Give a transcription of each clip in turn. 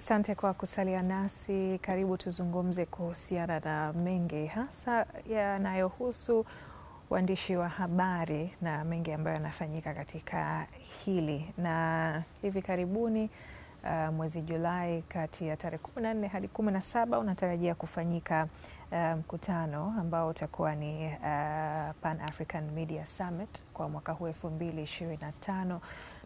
Asante kwa kusalia nasi. Karibu tuzungumze kuhusiana na mengi hasa yanayohusu uandishi wa habari na mengi ambayo yanafanyika katika hili. Na hivi karibuni uh, mwezi Julai kati ya tarehe kumi na nne hadi kumi na saba unatarajia kufanyika uh, mkutano um, ambao utakuwa ni uh, Pan African Media Summit kwa mwaka huu elfu mbili ishirini na tano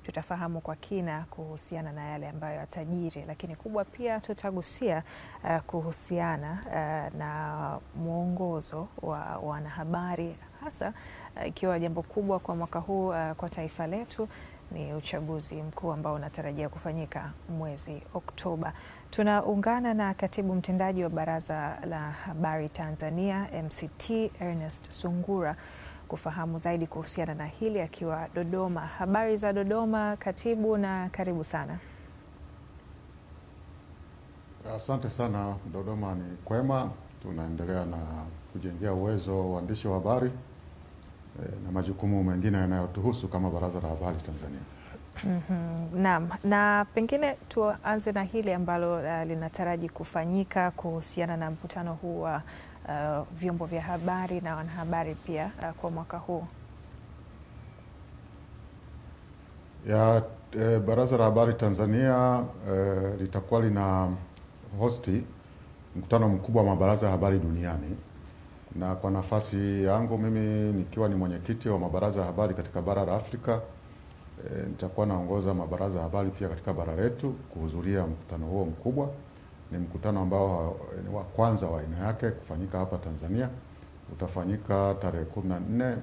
tutafahamu kwa kina kuhusiana na yale ambayo yatajiri, lakini kubwa pia tutagusia uh, kuhusiana uh, na mwongozo wa wanahabari hasa eh, ikiwa uh, jambo kubwa kwa mwaka huu uh, kwa taifa letu ni uchaguzi mkuu ambao unatarajia kufanyika mwezi Oktoba. Tunaungana na katibu mtendaji wa Baraza la Habari Tanzania MCT Ernest Sungura kufahamu zaidi kuhusiana na hili akiwa Dodoma. Habari za Dodoma, katibu, na karibu sana. Asante sana. Dodoma ni kwema, tunaendelea na kujengea uwezo waandishi wa habari eh, na majukumu mengine yanayotuhusu kama Baraza la Habari Tanzania. Mm -hmm. Naam, na pengine tuanze na hili ambalo uh, linataraji kufanyika kuhusiana na mkutano huu wa uh, vyombo vya habari na wanahabari pia uh, kwa mwaka huu ya e, Baraza la Habari Tanzania e, litakuwa lina hosti mkutano mkubwa wa mabaraza ya habari duniani, na kwa nafasi yangu mimi nikiwa ni mwenyekiti wa mabaraza ya habari katika bara la Afrika E, nitakuwa naongoza mabaraza ya habari pia katika bara letu kuhudhuria mkutano huo mkubwa. Ni mkutano ambao ni wa kwanza wa aina yake kufanyika hapa Tanzania. Utafanyika tarehe 14 eh,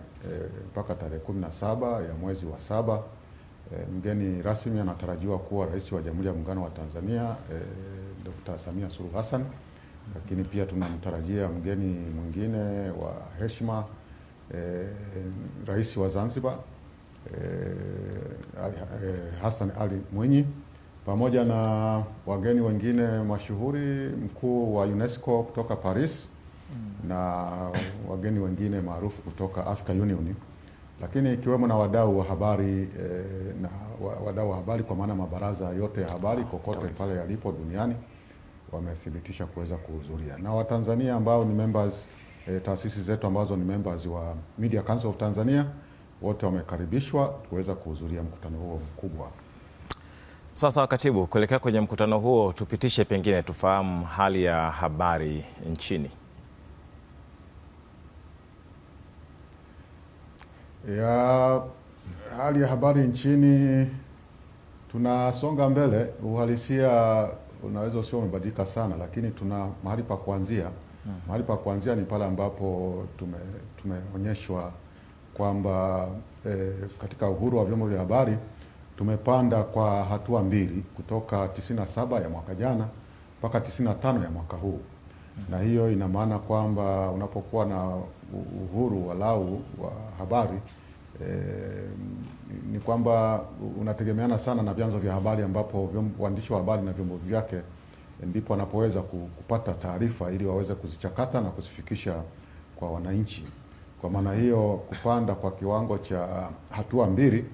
mpaka e, tarehe 17 ya mwezi wa saba. E, mgeni rasmi anatarajiwa kuwa Rais wa Jamhuri ya Muungano wa Tanzania e, Dr. Samia Suluhu Hassan, lakini pia tunamtarajia mgeni mwingine wa heshima e, Rais wa Zanzibar Eh, eh, Hassan Ali Mwinyi pamoja na wageni wengine mashuhuri, mkuu wa UNESCO kutoka Paris mm. na wageni wengine maarufu kutoka africa Union, lakini ikiwemo na wadau wa habari eh, na wadau wa habari kwa maana mabaraza yote ya habari kokote pale yalipo duniani wamethibitisha kuweza kuhudhuria na Watanzania ambao ni members eh, taasisi zetu ambazo ni members wa Media Council of Tanzania wote wamekaribishwa kuweza kuhudhuria mkutano huo mkubwa. Sasa katibu, kuelekea kwenye mkutano huo, tupitishe pengine tufahamu hali ya habari nchini. Ya, hali ya habari nchini tunasonga mbele. Uhalisia unaweza usio umebadilika sana, lakini tuna mahali pa kuanzia. Mm-hmm. Mahali pa kuanzia ni pale ambapo tume, tumeonyeshwa kwamba e, katika uhuru wa vyombo vya habari tumepanda kwa hatua mbili kutoka 97 ya mwaka jana mpaka 95 ya mwaka huu, na hiyo ina maana kwamba unapokuwa na uhuru walau wa habari e, ni kwamba unategemeana sana na vyanzo vya habari ambapo waandishi wa habari na vyombo vyake ndipo wanapoweza kupata taarifa ili waweze kuzichakata na kuzifikisha kwa wananchi. Kwa maana hiyo kupanda kwa kiwango cha uh, hatua mbili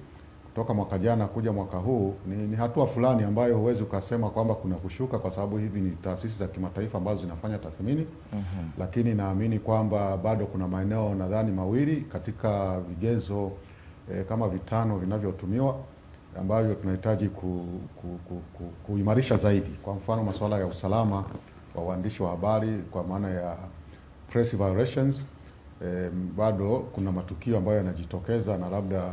kutoka mwaka jana kuja mwaka huu ni, ni hatua fulani ambayo huwezi ukasema kwamba kuna kushuka, kwa sababu hivi ni taasisi za kimataifa ambazo zinafanya tathmini mm -hmm. Lakini naamini kwamba bado kuna maeneo nadhani mawili katika vigezo eh, kama vitano vinavyotumiwa ambavyo tunahitaji ku, ku, ku, ku, kuimarisha zaidi. Kwa mfano masuala ya usalama wa waandishi wa habari kwa maana ya press violations e, bado kuna matukio ambayo yanajitokeza na labda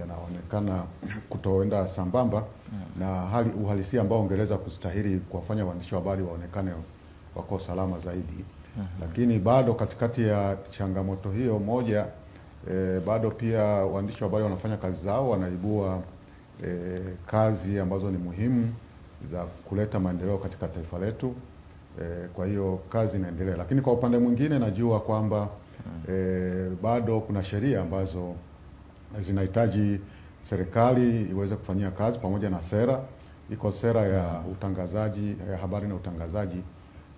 yanaonekana kutoenda sambamba hmm. na hali uhalisia ambao ungeleza kustahili kuwafanya waandishi wa habari waonekane wako salama zaidi. Uhum. Lakini bado katikati ya changamoto hiyo moja, e, bado pia waandishi wa habari wanafanya kazi zao, wanaibua e, kazi ambazo ni muhimu za kuleta maendeleo katika taifa letu. E, kwa hiyo kazi inaendelea, lakini kwa upande mwingine najua kwamba e, bado kuna sheria ambazo zinahitaji serikali iweze kufanyia kazi pamoja na sera. Iko sera ya utangazaji ya habari na utangazaji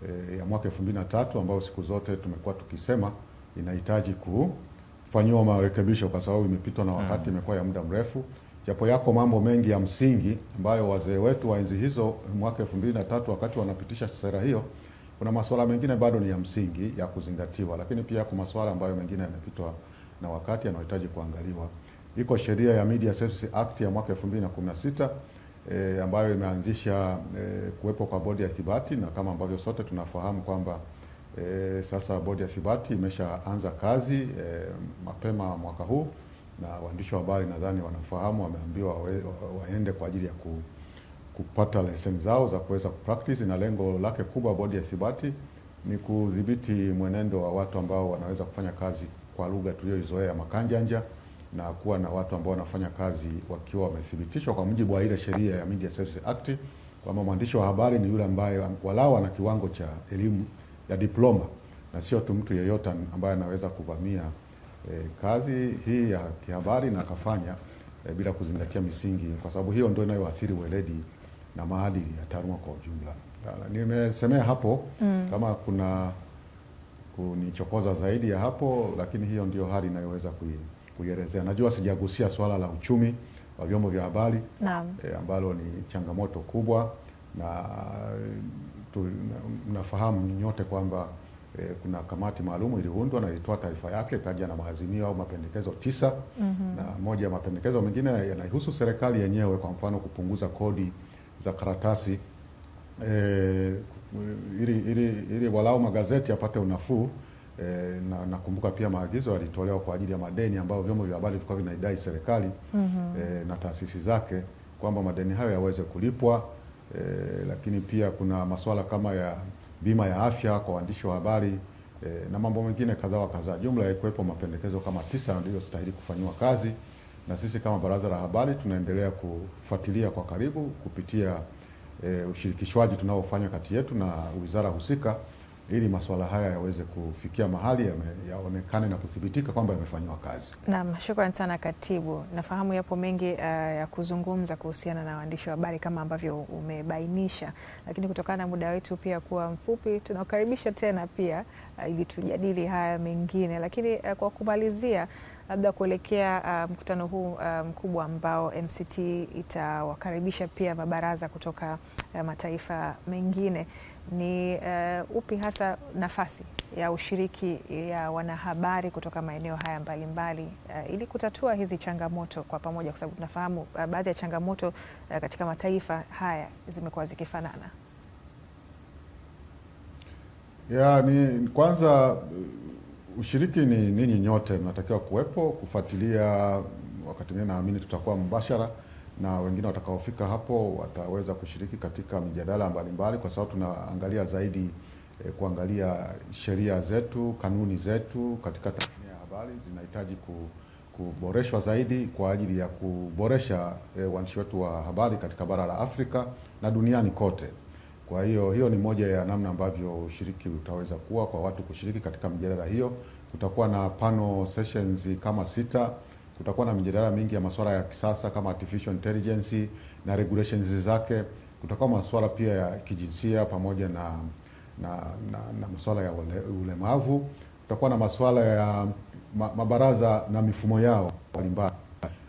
e, ya mwaka tatu ambayo siku zote tumekuwa tukisema inahitaji kufanyiwa marekebisho kwa sababu imepitwa na wakati, mm. imekuwa ya muda mrefu, japo yako mambo mengi ya msingi ambayo wazee wetu wa enzi hizo mwaka tatu wakati wanapitisha sera hiyo kuna masuala mengine bado ni ya msingi ya kuzingatiwa, lakini pia kuna masuala ambayo mengine yamepitwa na wakati yanayohitaji kuangaliwa. Iko sheria ya Media Services Act ya mwaka 2016 e, ambayo imeanzisha e, kuwepo kwa bodi ya ithibati, na kama ambavyo sote tunafahamu kwamba e, sasa bodi ya ithibati imeshaanza kazi e, mapema mwaka huu, na waandishi wa habari nadhani wanafahamu, wameambiwa waende kwa ajili ya ku kupata leseni zao za kuweza kupractice, na lengo lake kubwa bodi ya ithibati ni kudhibiti mwenendo wa watu ambao wanaweza kufanya kazi kwa lugha tuliyoizoea makanjanja na kuwa na watu ambao wanafanya kazi wakiwa wamethibitishwa kwa mujibu wa ile sheria ya Media Services Act kwamba mwandishi wa habari ni yule ambaye walau ana kiwango cha elimu ya diploma na sio tu mtu yeyote ambaye anaweza kuvamia e, kazi hii ya kihabari na akafanya e, bila kuzingatia misingi, kwa sababu hiyo ndio inayoathiri weledi na maadili ya taaluma kwa ujumla. Nimesemea hapo mm. kama kuna kunichokoza zaidi ya hapo, lakini hiyo ndio hali inayoweza kuielezea. Najua sijagusia swala la uchumi wa vyombo vya habari e, ambalo ni changamoto kubwa na tu, nafahamu nyote kwamba e, kuna kamati maalum iliundwa na ilitoa taarifa yake ikaja na maazimio au mapendekezo tisa mm -hmm. na moja ya mapendekezo mengine yanahusu serikali yenyewe, kwa mfano kupunguza kodi za karatasi e, ili, ili, ili walau magazeti yapate unafuu e, na nakumbuka pia maagizo yalitolewa kwa ajili ya madeni ambayo vyombo vya habari vilikuwa vinaidai serikali mm -hmm. e, na taasisi zake kwamba madeni hayo yaweze kulipwa e, lakini pia kuna masuala kama ya bima ya afya kwa waandishi wa habari e, na mambo mengine kadhaa wa kadhaa. Jumla yaikuwepo mapendekezo kama tisa stahili kufanyiwa kazi na sisi kama Baraza la Habari tunaendelea kufuatilia kwa karibu kupitia e, ushirikishwaji tunaofanya kati yetu na wizara husika ili masuala haya yaweze kufikia mahali yaonekane ya na kuthibitika kwamba yamefanyiwa kazi. Naam, shukrani sana katibu. Nafahamu yapo mengi uh, ya kuzungumza kuhusiana na waandishi wa habari kama ambavyo umebainisha, lakini kutokana na muda wetu pia kuwa mfupi, tunakaribisha tena pia Uh, ili tujadili haya mengine, lakini uh, kwa kumalizia labda kuelekea uh, mkutano huu huu mkubwa ambao MCT itawakaribisha pia mabaraza kutoka uh, mataifa mengine ni uh, upi hasa nafasi ya ushiriki ya wanahabari kutoka maeneo haya mbalimbali uh, ili kutatua hizi changamoto kwa pamoja, kwa sababu tunafahamu uh, baadhi ya changamoto uh, katika mataifa haya zimekuwa zikifanana. Ya, ni kwanza uh, ushiriki ni ninyi nyote mnatakiwa kuwepo kufuatilia. Wakati mwingine naamini tutakuwa mbashara na wengine watakaofika hapo wataweza kushiriki katika mijadala mbalimbali, kwa sababu tunaangalia zaidi eh, kuangalia sheria zetu, kanuni zetu katika tasnia ya habari zinahitaji ku, kuboreshwa zaidi kwa ajili ya kuboresha eh, uandishi wetu wa habari katika bara la Afrika na duniani kote. Kwa hiyo hiyo ni moja ya namna ambavyo ushiriki utaweza kuwa kwa watu kushiriki katika mjadala hiyo. Kutakuwa na panel sessions kama sita. Kutakuwa na mjadala mingi ya masuala ya kisasa kama artificial intelligence na regulations zake. Kutakuwa masuala pia ya kijinsia pamoja na na, na, na masuala ya ule, ulemavu. Kutakuwa na masuala ya ma, mabaraza na mifumo yao mbalimbali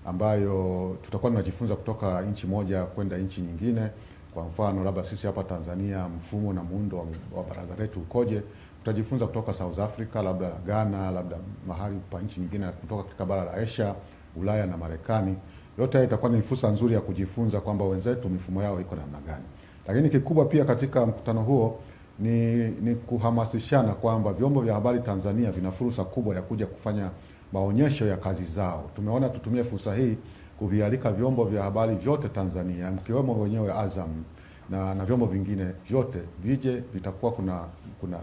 ambayo tutakuwa tunajifunza kutoka nchi moja kwenda nchi nyingine. Kwa mfano labda sisi hapa Tanzania mfumo na muundo wa, wa baraza letu ukoje, tutajifunza kutoka South Africa, labda Ghana, labda mahali pa nchi nyingine kutoka katika bara la Asia, Ulaya na Marekani. Yote hayo itakuwa ni fursa nzuri ya kujifunza kwamba wenzetu mifumo yao iko namna gani. Lakini kikubwa pia katika mkutano huo ni, ni kuhamasishana kwamba vyombo vya habari Tanzania vina fursa kubwa ya kuja kufanya maonyesho ya kazi zao. Tumeona tutumie fursa hii kuvialika vyombo vya habari vyote Tanzania, mkiwemo wenyewe Azam na, na vyombo vingine vyote vije, vitakuwa kuna kuna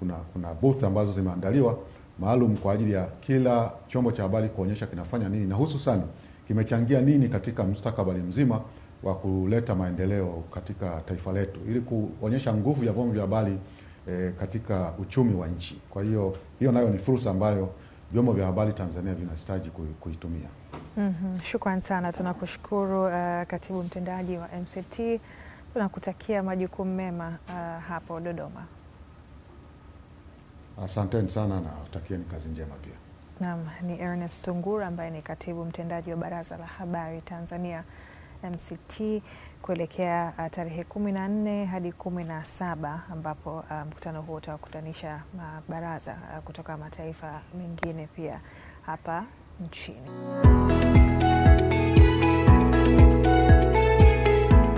kuna kuna booth ambazo zimeandaliwa maalum kwa ajili ya kila chombo cha habari kuonyesha kinafanya nini na hususan kimechangia nini katika mustakabali mzima wa kuleta maendeleo katika taifa letu ili kuonyesha nguvu ya vyombo vya habari e, katika uchumi wa nchi. Kwa hiyo hiyo nayo ni fursa ambayo vyombo vya habari Tanzania vinastaji kuitumia. mm -hmm. Shukran sana, tunakushukuru uh, katibu mtendaji wa MCT, tunakutakia majukumu mema uh, hapo Dodoma. Asanteni sana na takieni kazi njema pia. Naam, ni Ernest Sungura ambaye ni katibu mtendaji wa Baraza la Habari Tanzania. MCT kuelekea uh, tarehe kumi na nne hadi kumi na saba ambapo uh, mkutano huo utawakutanisha mabaraza uh, uh, kutoka mataifa mengine pia hapa nchini.